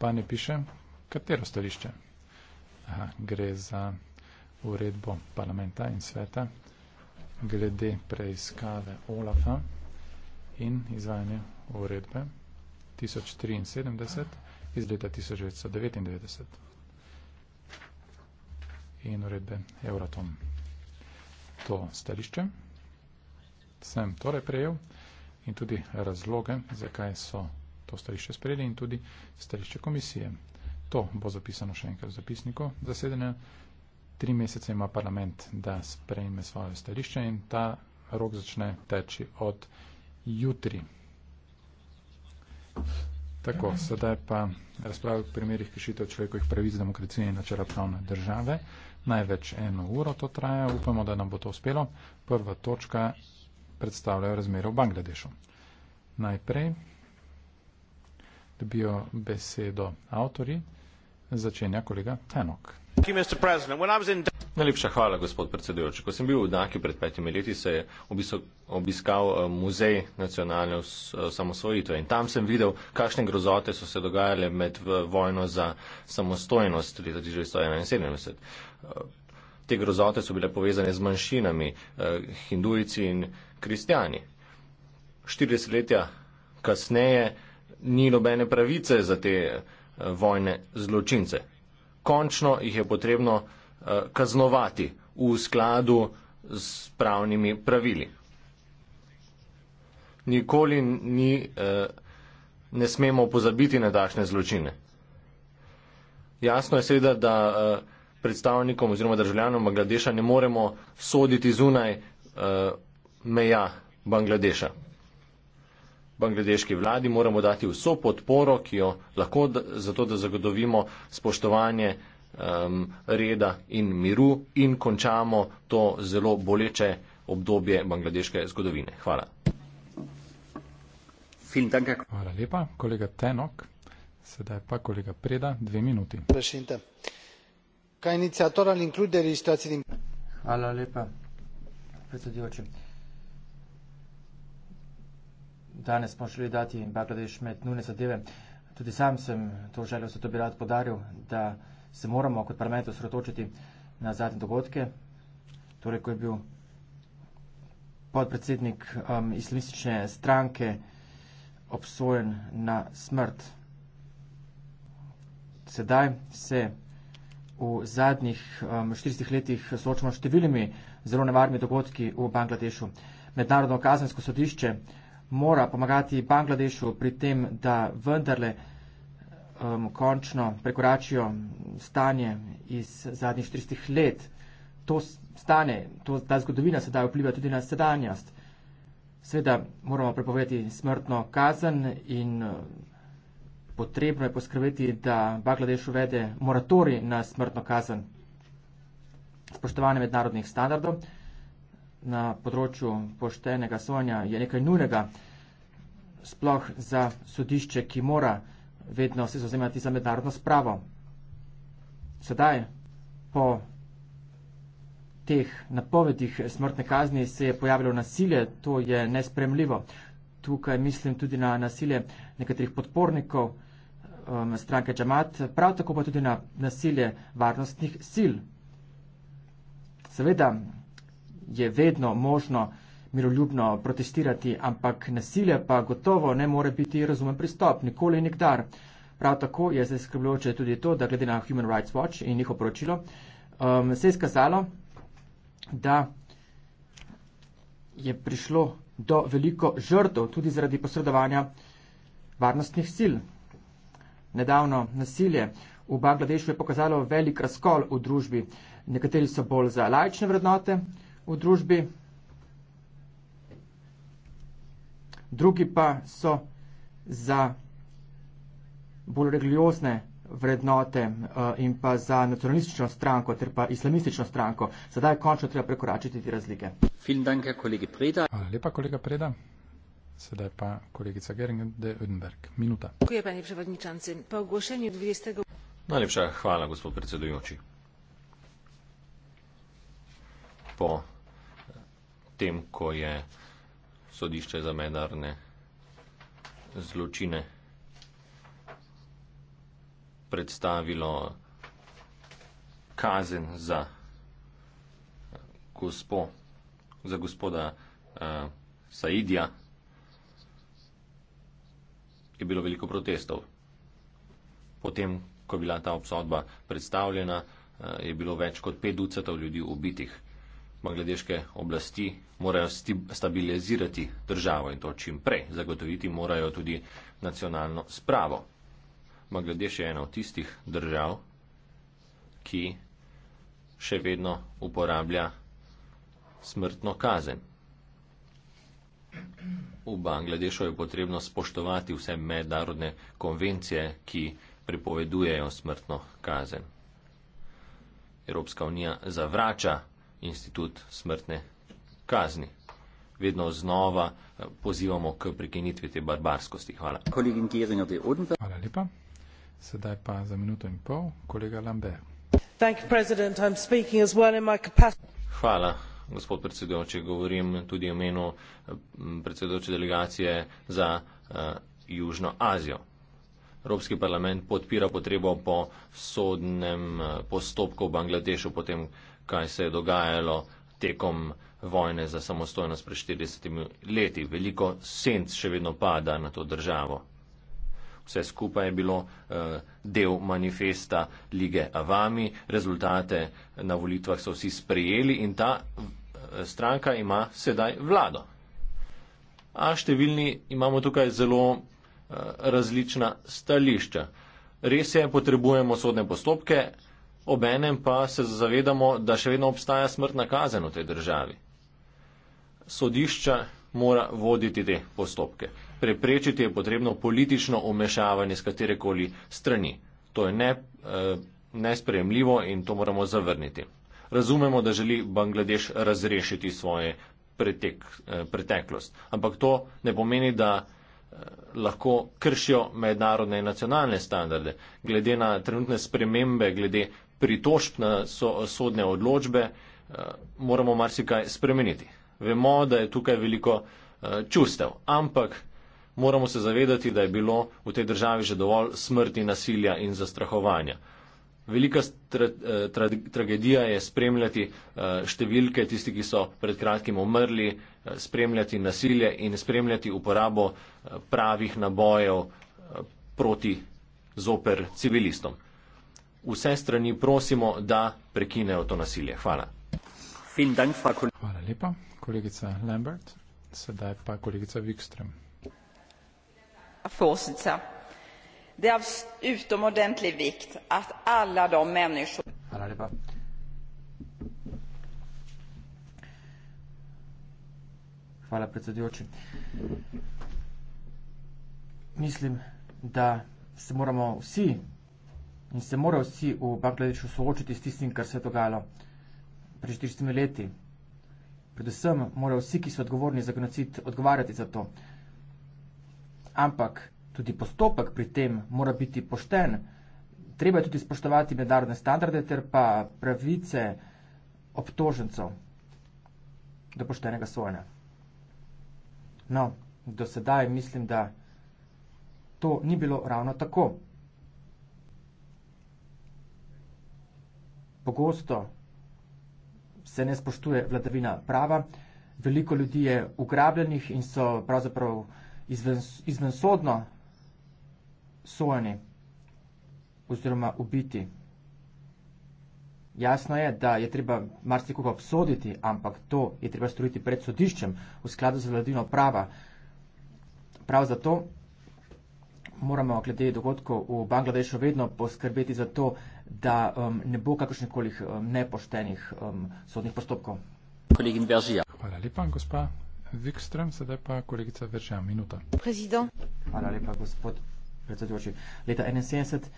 pa ne piše, katero stališče. Aha, gre za uredbo parlamenta in sveta glede preiskave OLAFA in izvajanja uredbe 1073 iz leta 1999 in uredbe Euratom. To stališče sem torej prejel in tudi razloge, zakaj so to stališče sprejeli in tudi stališče komisije. To bo zapisano še enkrat v zapisniku zasedanja. Tri mesece ima parlament, da sprejme svoje stališče in ta rok začne teči od jutri. Tako, sedaj pa razpravljamo o primerih kršitev človekovih pravic, demokracije in načela pravne države. Največ eno uro to traja, upamo, da nam bo to uspelo. Prva točka predstavljajo razmere v Bangladešu. Najprej dobijo besedo avtori. Začenja kolega Tenok. Najlepša hvala, gospod predsedujoči. Ko sem bil v Daki pred petimi leti, se je obiskal eh, muzej nacionalne samosvojitve in tam sem videl, kakšne grozote so se dogajale med vojno za samostojnost leta 1971. Eh, te grozote so bile povezane z manjšinami, eh, hindujci in kristijani. 40 letja kasneje ni nobene pravice za te eh, vojne zločince. Končno jih je potrebno eh, kaznovati v skladu s pravnimi pravili. Nikoli ni, eh, ne smemo pozabiti na takšne zločine. Jasno je seveda, da predstavnikom oziroma državljanom Bangladeša ne moremo soditi zunaj meja Bangladeša bangladeški vladi moramo dati vso podporo, ki jo lahko zato, da zagodovimo spoštovanje um, reda in miru in končamo to zelo boleče obdobje bangladeške zgodovine. Hvala. Hvala lepa, kolega Tenok. Sedaj pa kolega Preda, dve minuti. Hvala lepa, predsedujoči danes smo želeli dati Bangladeš med nujne zadeve. Tudi sam sem to želel, se to bi rad podaril, da se moramo kot parlament osredotočiti na zadnje dogodke, torej ko je bil podpredsednik um, islamistične stranke obsojen na smrt. Sedaj se v zadnjih um, 40 letih soočamo številnimi zelo nevarnimi dogodki v Bangladešu. Mednarodno kazensko sodišče mora pomagati Bangladešu pri tem, da vendarle um, končno prekoračijo stanje iz zadnjih 400 let. To stane, to, ta zgodovina sedaj vpliva tudi na sedanjost. Sveda moramo prepovedati smrtno kazen in uh, potrebno je poskrbeti, da Bangladeš uvede moratori na smrtno kazen spoštovanje mednarodnih standardov na področju poštenega sonja je nekaj nujnega, sploh za sodišče, ki mora vedno se zauzemati za mednarodno spravo. Sedaj, po teh napovedih smrtne kazni se je pojavilo nasilje, to je nespremljivo. Tukaj mislim tudi na nasilje nekaterih podpornikov um, stranke Džamat, prav tako pa tudi na nasilje varnostnih sil. Seveda, je vedno možno miroljubno protestirati, ampak nasilje pa gotovo ne more biti razumen pristop, nikoli in nikdar. Prav tako je zaskrbljujoče tudi to, da glede na Human Rights Watch in njihovo poročilo, um, se je skazalo, da je prišlo do veliko žrtev tudi zaradi posredovanja varnostnih sil. Nedavno nasilje v Bangladešu je pokazalo velik razkol v družbi. Nekateri so bolj za lajčne vrednote, v družbi, drugi pa so za bolj religiozne vrednote eh, in pa za nacionalistično stranko ter pa islamistično stranko. Sedaj končno treba prekoračiti te razlike. Hvala lepa, kolega Preda. Sedaj pa kolegica Gering de Udenberg. Minuta. Najlepša hvala, gospod predsedujoči. Po potem, ko je sodišče za mednarne zločine predstavilo kazen za, eh, gospo, za gospoda uh, Saidija, je bilo veliko protestov. Potem, ko je bila ta obsodba predstavljena, uh, je bilo več kot 5 ducatov ljudi ubitih bangladeške oblasti morajo stabilizirati državo in to čim prej. Zagotoviti morajo tudi nacionalno spravo. Bangladeš je ena od tistih držav, ki še vedno uporablja smrtno kazen. V Bangladešu je potrebno spoštovati vse mednarodne konvencije, ki prepovedujejo smrtno kazen. Evropska unija zavrača institut smrtne kazni. Vedno znova eh, pozivamo k prekinitvi te barbarskosti. Hvala. Hvala lepa. Sedaj pa za minuto in pol, kolega Lambert. Hvala, gospod predsedujoči. Govorim tudi o imenu eh, predsedujoče delegacije za uh, Južno Azijo. Evropski parlament podpira potrebo po sodnem postopku v Bangladešu, potem uh, kaj se je dogajalo tekom vojne za samostojnost pred 40 leti. Veliko senc še vedno pada na to državo. Vse skupaj je bilo eh, del manifesta lige Avami, rezultate na volitvah so vsi sprejeli in ta eh, stranka ima sedaj vlado. A številni imamo tukaj zelo eh, različna stališča. Res je, potrebujemo sodne postopke, obenem pa se zavedamo, da še vedno obstaja smrtna kazen v tej državi. Sodišča mora voditi te postopke. Preprečiti je potrebno politično umešavanje z katerekoli strani. To je ne, eh, nesprejemljivo in to moramo zavrniti. Razumemo, da želi Bangladeš razrešiti svoje pretek, eh, preteklost, ampak to ne pomeni, da eh, lahko kršijo mednarodne in nacionalne standarde. Glede na trenutne spremembe, glede pritožb na so, sodne odločbe, eh, moramo marsikaj spremeniti. Vemo, da je tukaj veliko eh, čustev, ampak moramo se zavedati, da je bilo v tej državi že dovolj smrti, nasilja in zastrahovanja. Velika tra, eh, tra, tragedija je spremljati številke tistih, ki so pred kratkim umrli, spremljati nasilje in spremljati uporabo pravih nabojev proti zoper civilistom vse strani prosimo, da prekinejo to nasilje. Hvala. Hvala lepa, kolegica Lambert. Sedaj pa kolegica Wikström. Hvala lepa. Hvala predsedujoči. Mislim, da se moramo vsi in se morajo vsi v Bangladešu soočiti s tistim, kar se je dogajalo pred 400 leti. Predvsem morajo vsi, ki so odgovorni za genocid, odgovarjati za to. Ampak tudi postopek pri tem mora biti pošten. Treba je tudi spoštovati mednarodne standarde ter pa pravice obtožencov do poštenega sojenja. No, do sedaj mislim, da to ni bilo ravno tako. pogosto se ne spoštuje vladavina prava, veliko ljudi je ugrabljenih in so pravzaprav izven, izvensodno sojeni oziroma ubiti. Jasno je, da je treba marsikoga obsoditi, ampak to je treba storiti pred sodiščem v skladu z vladino prava. Prav zato moramo glede dogodkov v Bangladešu vedno poskrbeti za to, da um, ne bo kakršnekoli um, nepoštenih um, sodnih postopkov. Kolegin Veržija. Hvala lepa, gospa Vikström, sedaj pa kolegica Veržija, minuta. Prezident. Hvala lepa, gospod predsedujoči. Leta 71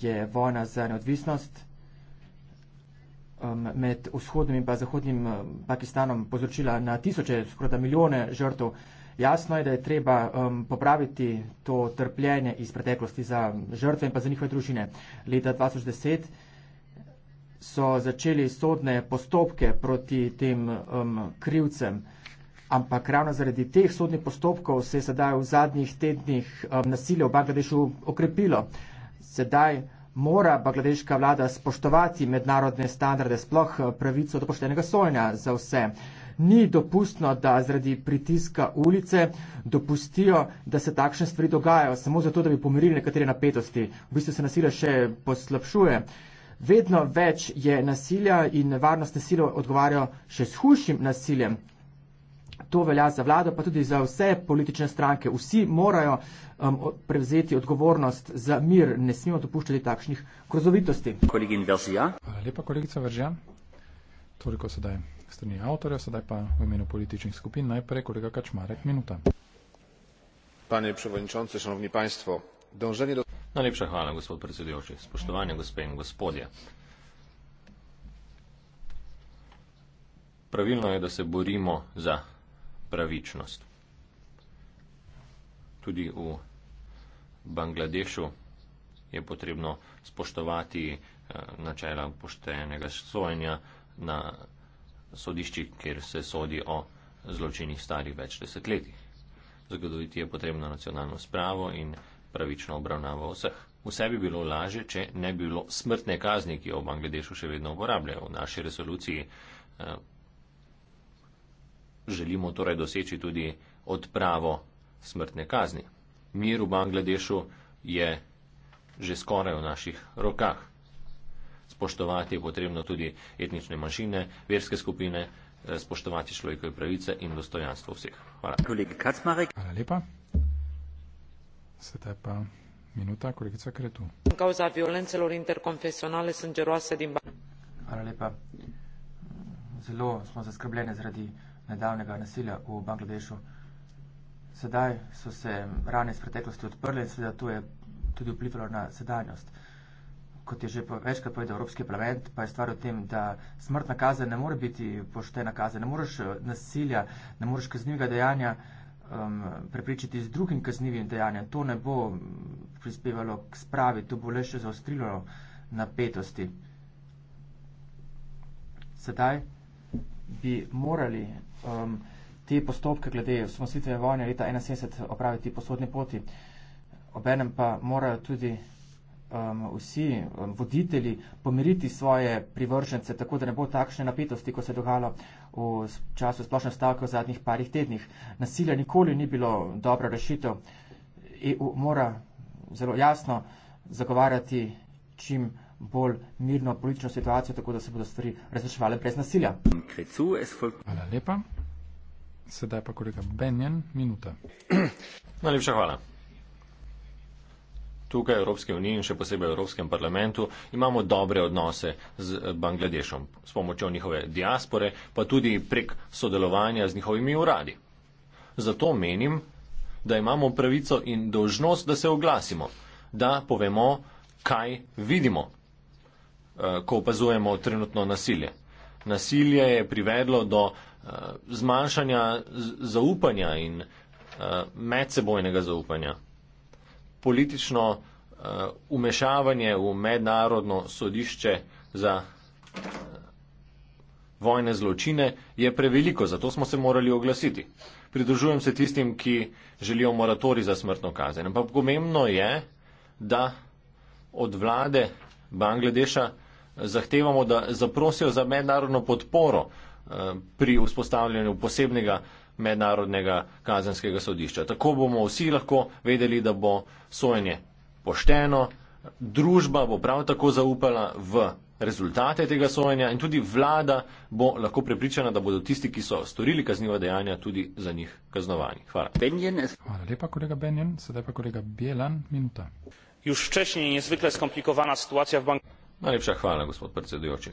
je vojna za neodvisnost um, med vzhodnim in pa zahodnim um, Pakistanom povzročila na tisoče, skoraj milijone žrtev. Jasno je, da je treba um, popraviti to trpljenje iz preteklosti za žrtve in pa za njihove družine. Leta 2010 so začeli sodne postopke proti tem um, krivcem, ampak ravno zaradi teh sodnih postopkov se je sedaj v zadnjih tednih um, nasilje v Bangladešu okrepilo. Sedaj mora bangladeška vlada spoštovati mednarodne standarde, sploh uh, pravico do poštenega sojenja za vse ni dopustno, da zaradi pritiska ulice dopustijo, da se takšne stvari dogajajo, samo zato, da bi pomirili nekatere napetosti. V bistvu se nasilje še poslabšuje. Vedno več je nasilja in nevarnostne sile odgovarjajo še s hujšim nasiljem. To velja za vlado, pa tudi za vse politične stranke. Vsi morajo um, prevzeti odgovornost za mir. Ne smemo dopuščati takšnih krozovitosti. Hvala lepa, kolegica Vržan. Toliko sedaj strani avtorja, sedaj pa v imenu političnih skupin najprej kolega Kačmarek. Minuta. Panie przewodniczący, szanowni państwo, dążenie do. Najlepsza chwała, gospod prezydenci. Spoštovanie, gospodin, gospodje. Pravilno je, da se borimo za pravičnost. Tudi v Bangladešu je potrebno spoštovati eh, načela poštenega sojenja na sodišči, kjer se sodi o zločinih starih več desetletij. Zagotoviti je potrebno nacionalno spravo in pravično obravnavo vseh. Vse bi bilo laže, če ne bi bilo smrtne kazni, ki jo v Bangladešu še vedno uporabljajo. V naši resoluciji eh, želimo torej doseči tudi odpravo smrtne kazni. Mir v Bangladešu je že skoraj v naših rokah spoštovati je potrebno tudi etnične manjšine, verske skupine, eh, spoštovati človekove pravice in dostojanstvo vseh. Hvala. Hvala lepa. Sedaj pa minuta, kolegica Kretu. Hvala lepa. Zelo smo zaskrbljeni zaradi nedavnega nasilja v Bangladešu. Sedaj so se rane iz preteklosti odprle in seveda to je tudi vplivalo na sedanjost. Uh, kot je že večkrat povedal Evropski parlament, pa je stvar v tem, da smrtna kazen ne more biti poštena kazen, ne moreš eh, nasilja, ne moreš kaznjivega dejanja um, prepričati z drugim kaznjivim dejanjem. To ne bo mm, prispevalo k spravi, to bo le še zaostrilo napetosti. Sedaj bi morali um, te postopke glede osamosvitve vojne leta 1971 opraviti po sodni poti. Obenem pa morajo tudi um, vsi um, voditelji pomiriti svoje privržence, tako da ne bo takšne napetosti, kot se je dogajalo v času splošne stavke v zadnjih parih tednih. Nasilje nikoli ni bilo dobra rešitev. EU mora zelo jasno zagovarjati čim bolj mirno politično situacijo, tako da se bodo stvari razreševale brez nasilja. Hvala lepa. Sedaj pa kolega Benjen, minuta. Najlepša hvala tukaj v Evropski uniji in še posebej v Evropskem parlamentu imamo dobre odnose z eh, Bangladešom s pomočjo njihove diaspore, pa tudi prek sodelovanja z njihovimi uradi. Zato menim, da imamo pravico in dožnost, da se oglasimo, da povemo, kaj vidimo, eh, ko opazujemo trenutno nasilje. Nasilje je privedlo do eh, zmanjšanja zaupanja in medsebojnega zaupanja politično uh, umešavanje v mednarodno sodišče za eh, vojne zločine je preveliko, zato smo se morali oglasiti. Pridružujem se tistim, ki želijo moratori za smrtno kazen. Ampak pomembno je, da od vlade Bangladeša eh, zahtevamo, da zaprosijo za mednarodno podporo pri vzpostavljanju posebnega mednarodnega kazenskega sodišča. Tako bomo vsi lahko vedeli, da bo sojenje pošteno, družba bo prav tako zaupala v rezultate tega sojenja in tudi vlada bo lahko prepričana, da bodo tisti, ki so storili kaznjiva dejanja, tudi za njih kaznovani. Hvala. Hvala lepa, kolega Benjen. Sedaj pa kolega Bielan. Minuta. Už včasih je nezvykle skomplikovana situacija v banki. Najlepša hvala, gospod predsedujoči.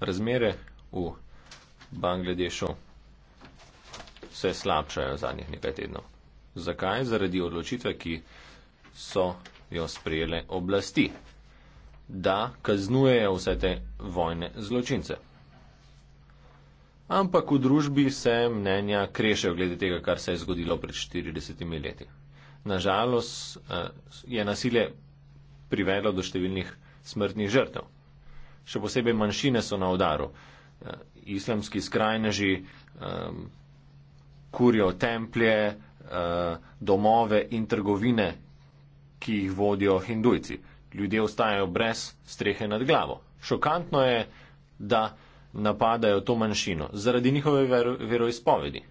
Razmere v Bangladešu se slabšajo zadnjih nekaj tednov. Zakaj? Zaradi odločitve, ki so jo sprejele oblasti, da kaznujejo vse te vojne zločince. Ampak v družbi se mnenja krešejo glede tega, kar se je zgodilo pred 40 leti. Nažalost eh, je nasilje privedlo do številnih smrtnih žrtev. Še posebej manjšine so na udaru. Eh, islamski skrajneži eh, kurijo templje, eh, domove in trgovine, ki jih vodijo hindujci. Ljudje ostajajo brez strehe nad glavo. Šokantno je, da napadajo to manjšino zaradi njihove vero, veroizpovedi.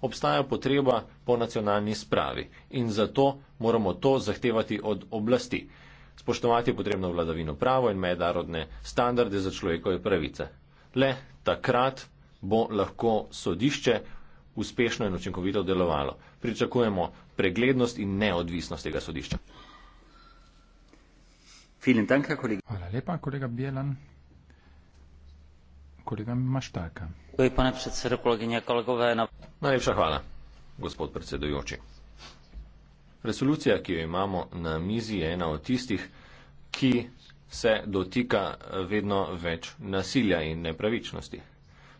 Obstaja potreba po nacionalni spravi in zato moramo to zahtevati od oblasti. Spoštovati je potrebno vladavino pravo in mednarodne standarde za človekove pravice. Le takrat bo lahko sodišče uspešno in učinkovito delovalo. Pričakujemo preglednost in neodvisnost tega sodišča. Danke, Hvala lepa, kolega Bjelan. Kolega Maštaka. Najlepša hvala, gospod predsedujoči. Resolucija, ki jo imamo na mizi, je ena od tistih, ki se dotika vedno več nasilja in nepravičnosti.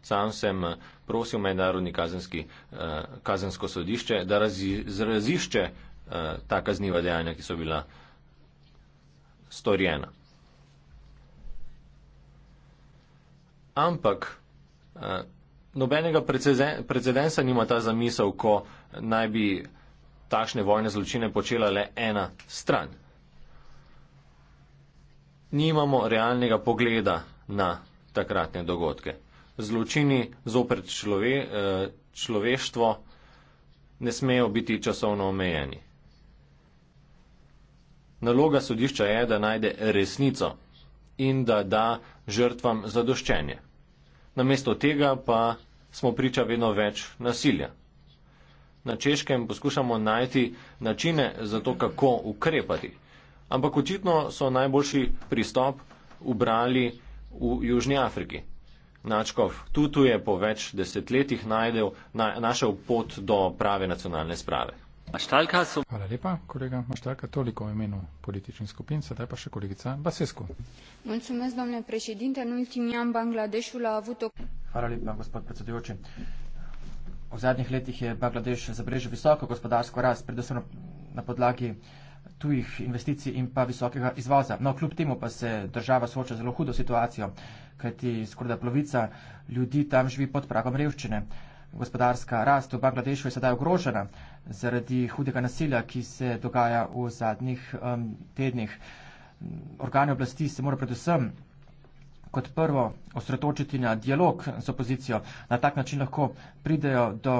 Sam sem eh, prosil mednarodni kazenski, eh, kazensko sodišče, da razi, razišče eh, ta kazniva dejanja, ki so bila storjena. Ampak nobenega precedensa nima ta zamisel, ko naj bi takšne vojne zločine počela le ena stran. Nimamo realnega pogleda na takratne dogodke zločini zoper člove, eh, človeštvo ne smejo biti časovno omejeni. Naloga sodišča je, da najde resnico in da da žrtvam zadoščenje. Namesto tega pa smo priča vedno več nasilja. Na češkem poskušamo najti načine za to, kako ukrepati. Ampak očitno so najboljši pristop ubrali v Južni Afriki, Načkov tudi je po več desetletjih najdel, na, našel pot do prave nacionalne sprave. So... Hvala lepa, kolega Maštalka, toliko o imenu političnih skupin, sedaj pa še kolegica Basesko. Hvala lepa, gospod predsedujoči. V zadnjih letih je Bangladeš zabrežil visoko gospodarsko rast, predvsem na podlagi tujih investicij in pa visokega izvoza. No, kljub temu pa se država sooča zelo hudo situacijo kajti skorda polovica ljudi tam živi pod pragom revščine. Gospodarska rast v Bangladešu je sedaj ogrožena zaradi hudega nasilja, ki se dogaja v zadnjih um, tednih. Organi oblasti se morajo predvsem kot prvo osredotočiti na dialog z opozicijo. Na tak način lahko pridejo do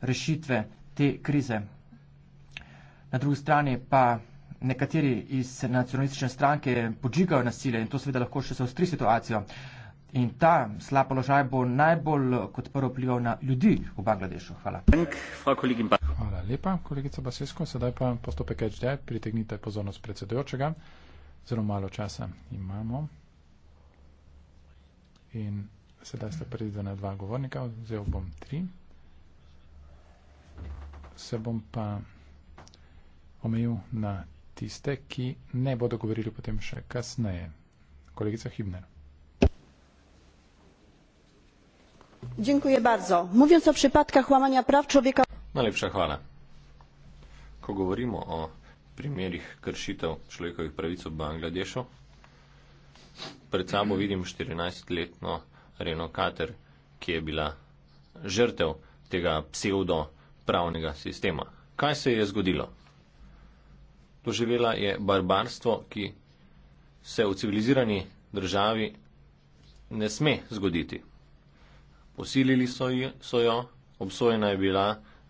rešitve te krize. Na drugi strani pa nekateri iz nacionalistične stranke podžigajo nasilje in to seveda lahko še zaostri situacijo. In ta slab položaj bo najbolj kot prvo vplival na ljudi v Bangladešu. Hvala. Hvala lepa, kolegica Basesko. Sedaj pa postopek HD, pritegnite pozornost predsedujočega. Zelo malo časa imamo. In sedaj ste predvideli na dva govornika, vzel bom tri. Se bom pa omejil na tiste, ki ne bodo govorili potem še kasneje. Kolegica Hibner. Dziękuję bardzo. Mówiąc o przypadkach łamania praw człowieka. Najlepsza chwała. Ko mówimy o przykładach kršitev człowiekowych praw w Bangladeszu, przed sobą widzimy 14-letnią Reno Kater, która była żertą tego pseudo-prawnego systemu. Kaj se je zgodilo? doživela je barbarstvo, ki se v civilizirani državi ne sme zgoditi. Posilili so, ji, so jo, obsojena je bila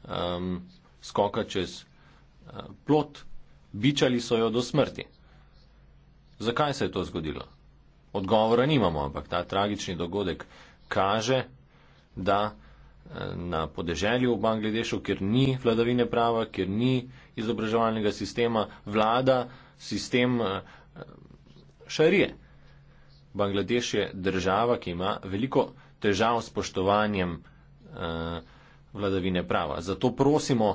um, skoka čez uh, plot, bičali so jo do smrti. Zakaj se je to zgodilo? Odgovora nimamo, ampak ta tragični dogodek kaže, da na podeželju v Bangladešu, kjer ni vladavine prava, kjer ni izobraževalnega sistema, vlada sistem eh, šarije. Bangladeš je država, ki ima veliko težav s poštovanjem eh, vladavine prava. Zato prosimo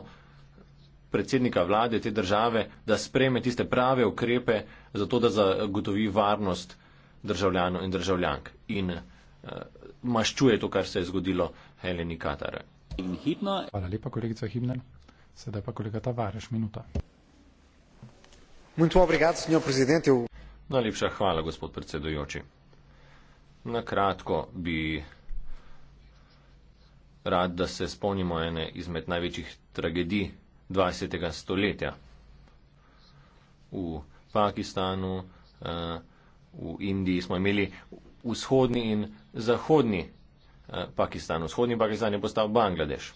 predsednika vlade te države, da spreme tiste prave ukrepe, zato da zagotovi varnost državljanov in državljank in uh, maščuje to, kar se je zgodilo Heleni Katar. Hvala lepa, kolegica Himner. Sedaj pa kolega Tavares, minuta. Najlepša hvala, gospod predsedujoči. Na kratko bi rad, da se spomnimo ene izmed največjih tragedij 20. stoletja. V Pakistanu, eh, v Indiji smo imeli vzhodni in zahodni Eh, Pakistan. Vzhodni Pakistan je postal Bangladeš.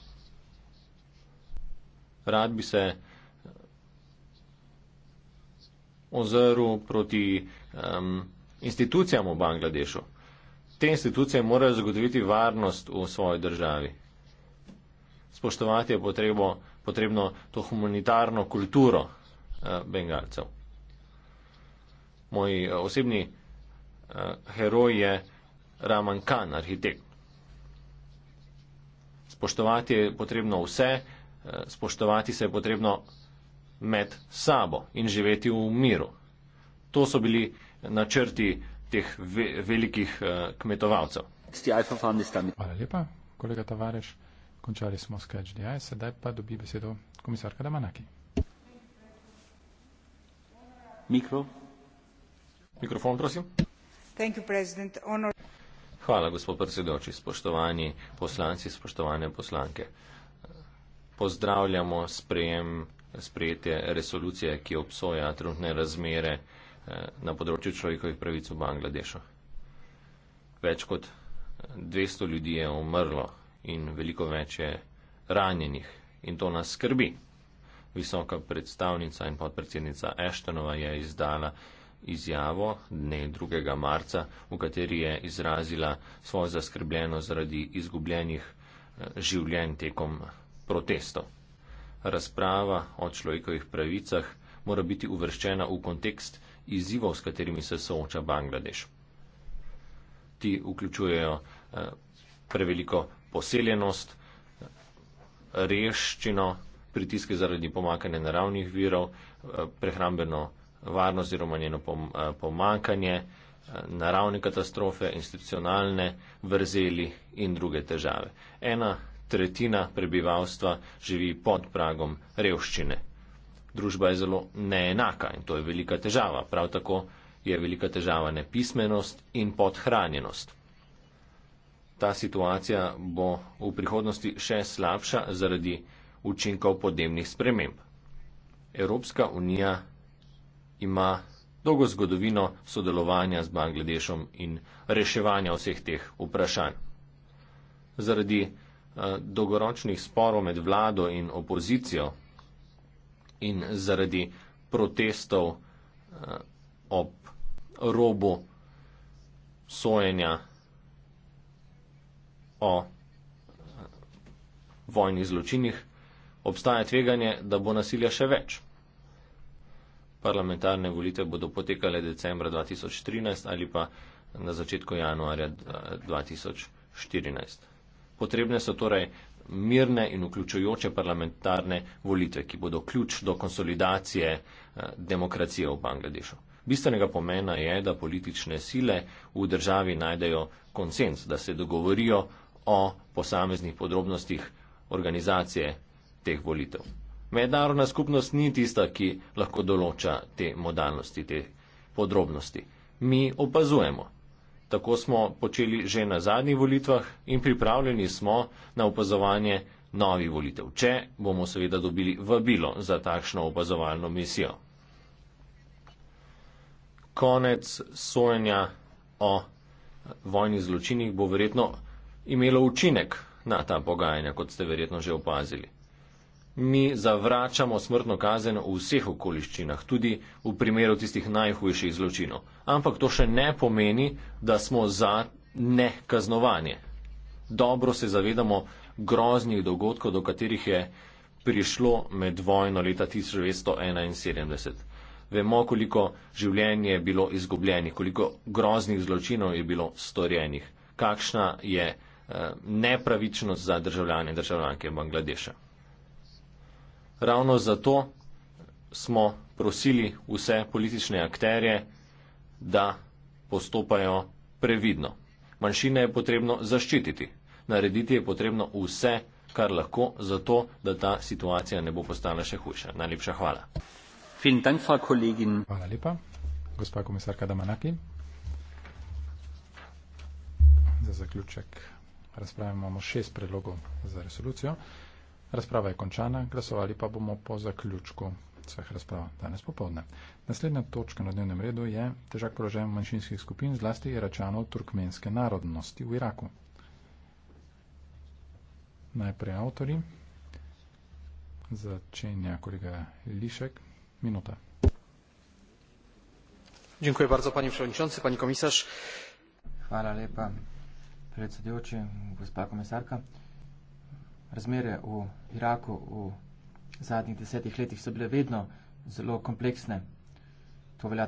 Rad bi se eh, ozrl proti um, institucijam v Bangladešu. Te institucije morajo zagotoviti varnost v svoji državi. Spoštovati je potrebo, potrebno to humanitarno kulturo uh, Bengalcev. Moj uh, osebni uh, heroj je Raman Khan, arhitekt spoštovati je potrebno vse, eh, spoštovati se je potrebno med sabo in živeti v miru. To so bili načrti teh ve velikih eh, kmetovalcev. Hvala lepa, kolega Tavareš. Končali smo s KHDI, sedaj pa dobi besedo komisarka Damanaki. Mikro. Mikrofon, prosim. Thank you, President. Honor Hvala, gospod predsedoči. Spoštovani poslanci, spoštovane poslanke. Pozdravljamo sprejem, sprejetje resolucije, ki obsoja trenutne razmere eh, na področju človekovih pravic v Bangladešu. Več kot 200 eh, ljudi je umrlo in veliko več je ranjenih in to nas skrbi. Visoka predstavnica in podpredsednica Eštonova je izdala izjavo dne 2. marca, v kateri je izrazila svojo zaskrbljeno zaradi izgubljenih eh, življenj tekom protestov. Razprava o človekovih pravicah mora biti uvrščena v kontekst izzivov, s katerimi se sooča Bangladeš. Ti vključujejo eh, preveliko poseljenost, reščino, pritiske zaradi pomakanja naravnih virov, eh, prehrambeno varnost oziroma njeno eh, pomankanje, eh, naravne katastrofe, institucionalne vrzeli in druge težave. Ena tretjina prebivalstva živi pod pragom revščine. Družba je zelo neenaka in to je velika težava. Prav tako je velika težava nepismenost in podhranjenost. Ta situacija bo v prihodnosti še slabša zaradi učinkov podnebnih sprememb. Evropska unija ima dolgo zgodovino sodelovanja z Bangladešom in reševanja vseh teh vprašanj. Zaradi uh, dolgoročnih sporov med vlado in opozicijo in zaradi protestov uh, ob robu sojenja o eh, vojnih zločinih, obstaja tveganje, da bo nasilja še več parlamentarne volitve bodo potekale decembra 2013 ali pa na začetku januarja 2014. Potrebne so torej mirne in vključujoče parlamentarne volitve, ki bodo ključ do konsolidacije eh, demokracije v Bangladešu. Bistvenega pomena je, da politične sile v državi najdejo konsens, da se dogovorijo o posameznih podrobnostih organizacije teh volitev. Mednarodna skupnost ni tista, ki lahko določa te modalnosti, te podrobnosti. Mi opazujemo. Tako smo počeli že na zadnjih volitvah in pripravljeni smo na opazovanje novih volitev, če bomo seveda dobili vabilo za takšno opazovalno misijo. Konec sojenja o vojnih zločinih bo verjetno imelo učinek na ta pogajanja, kot ste verjetno že opazili mi zavračamo smrtno kazen v vseh okoliščinah, tudi v primeru tistih najhujših zločinov. Ampak to še ne pomeni, da smo za nekaznovanje. Dobro se zavedamo groznih dogodkov, do katerih je prišlo med vojno leta 1971. Vemo, koliko življenj je bilo izgubljenih, koliko groznih zločinov je bilo storjenih, kakšna je eh, nepravičnost za državljane in državljanke Bangladeša. Ravno zato smo prosili vse politične akterje, da postopajo previdno. Manjšine je potrebno zaščititi. Narediti je potrebno vse, kar lahko, zato, da ta situacija ne bo postala še hujša. Najlepša hvala. Hvala lepa, gospa komisarka Damanaki. Za zaključek razpravljamo šest predlogov za resolucijo. Razprava je končana, glasovali pa bomo po zaključku vseh razprav danes popovdne. Naslednja točka na dnevnem redu je težak položaj manjšinskih skupin, zlasti iračanov turkmenske narodnosti v Iraku. Najprej avtori. Začenja kolega Lišek. Minuta. Dziękuję bardzo, panie przewodniczący, pani komisarz. Hvala lepa, predsedujoči, gospa komisarka razmere v Iraku v zadnjih desetih letih so bile vedno zelo kompleksne. To velja.